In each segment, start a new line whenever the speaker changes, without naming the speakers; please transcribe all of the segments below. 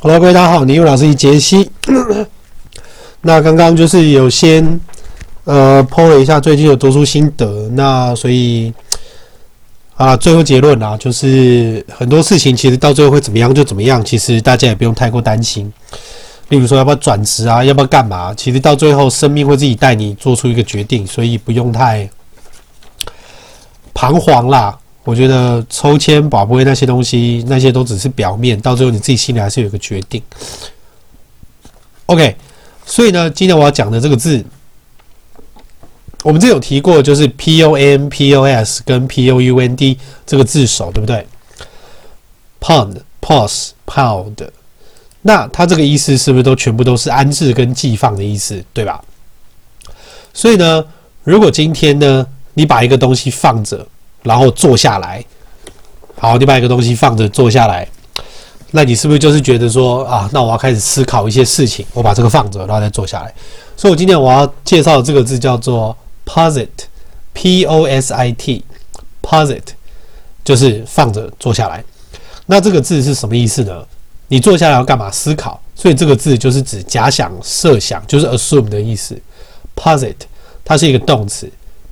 哈嘍各位大家好，你的英文老師傑西。 那剛剛就是有先呃 po 了一下最近的讀書心得，那所以啊，最後結論啊，就是很多事情其實到最後會怎麼樣就怎麼樣，其實大家也不用太過擔心。例如說要不要轉職啊，要不要幹嘛？其實到最後生命會自己帶你做出一個決定，所以不用太彷徨啦。我覺得抽籤、保不那些東西，那些都只是表面，到最後你自己心裡還是有一個決定。OK，所以呢，今天我要講的這個字，我們之前有提過，就是 p o m p o s 跟 p o u n d 這個字首，對不對？pond、pos、pound，那它這個意思是不是都全部都是安置跟寄放的意思，對吧？所以呢，如果今天呢，你把一個東西放着。然後坐下來，好，你把一個東西放着，坐下來，那你是不是就是覺得說啊，那我要開始思考一些事情，我把這個放着，然後再坐下來。所以，我今天我要介紹的這個字叫做 “posit”，P-O-S-I-T，“posit” 就是放着坐下來。那這個字是什麼意思呢？你坐下來要幹嘛？思考。所以這個字就是指假想、設想，就是 “assume” 的意思。“posit” 它是一個動詞。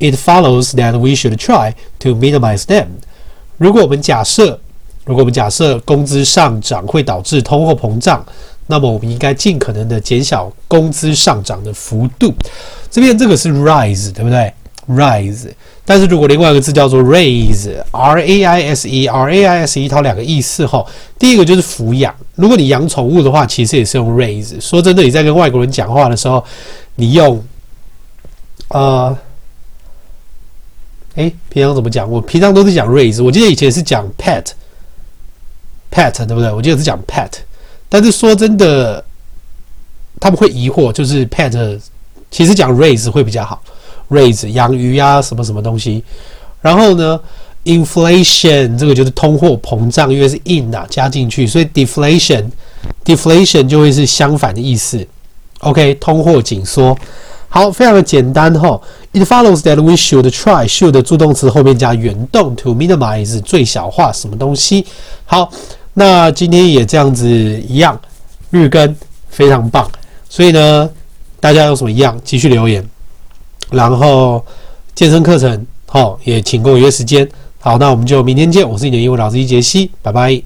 It follows that we should try to minimize them. 如果我們假設，如果我們假設工資上漲會導致通貨膨脹，那麼我們應該儘可能的減小工資上漲的幅度。這邊這個是 rise，對不對？rise。但是如果另外一個字叫做 raise，r a i s e，r a i s e，它有兩個意思哈。第一個就是撫養。如果你養寵物的話，其實也是用 raise。說真的，你在跟外國人講話的時候，你用，呃。誒，平常怎麼講？我平常都是講 raise。我記得以前是講 pet，pet，pet，對不對？我記得是講 pet。但是說真的，他們會疑惑，就是 pet 其實講 raise 會比較好。raise 養魚呀，啊，什麼什麼東西。然後呢，inflation 這個就是通貨膨脹，因為是 in 啊加進去，所以 deflation，deflation 就會是相反的意思。OK，通貨緊縮。好，非常的簡單哈。It follows that we should try should 助動詞後面加原動 to minimize 最小化什麼東西。好，那今天也這樣子一樣，日更非常棒。所以呢，大家有什麼一樣，繼續留言。然後健身課程吼也請跟我約時間。好，那我們就明天見。我是你的英文老師機傑西，拜拜。